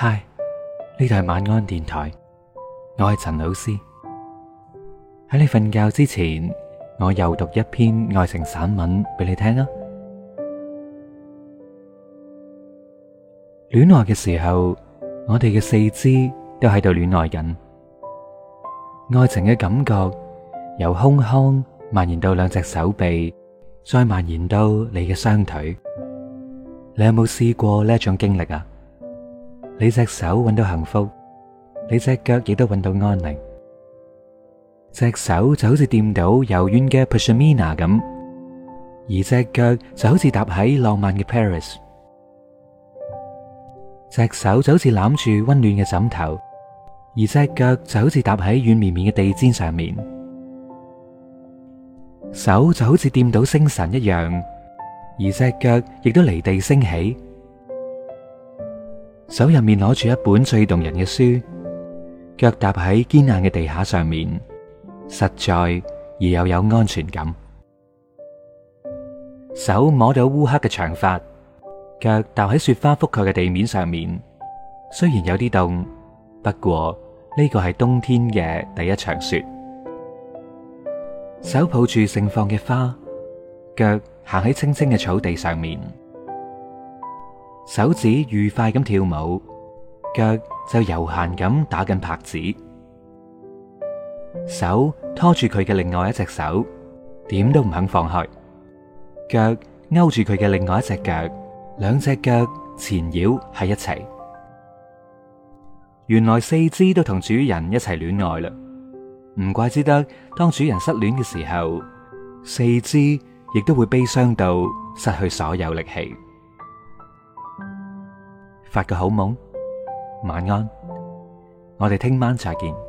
嗨，呢台晚安電台，我係陳老師。喺你瞓覺之前，我又讀一篇愛情散文俾你聽啦。戀愛嘅時候，我哋嘅四肢都喺度戀愛緊，愛情嘅感覺由胸腔蔓延到兩隻手臂，再蔓延到你嘅雙腿。你有冇試過呢一種經歷啊？你隻手揾到幸福，你隻腳亦都揾到安寧。隻手就好似掂到柔軟嘅 Pashmina 咁，而隻腳就好似搭喺浪漫嘅 Paris。隻手就好似攬住溫暖嘅枕頭，而隻腳就好似搭喺軟綿綿嘅地氈上面。手就好似掂到星辰一樣，而隻腳亦都離地升起。手入面攞住一本最動人嘅書，腳踏喺堅硬嘅地下上面，實在而又有安全感。手摸到烏黑嘅長髮，腳踏喺雪花覆蓋嘅地面上面，雖然有啲凍，不過呢個係冬天嘅第一場雪。手抱住盛放嘅花，腳行喺青青嘅草地上面。手指愉快咁跳舞，腳就悠閒咁打緊拍子，手拖住佢嘅另外一隻手，點都唔肯放開，腳勾住佢嘅另外一隻腳，兩隻腳纏繞喺一齊。原來四肢都同主人一齊戀愛啦，唔怪之得，當主人失戀嘅時候，四肢亦都會悲傷到失去所有力氣。發個好夢，晚安，我哋聽晚再見。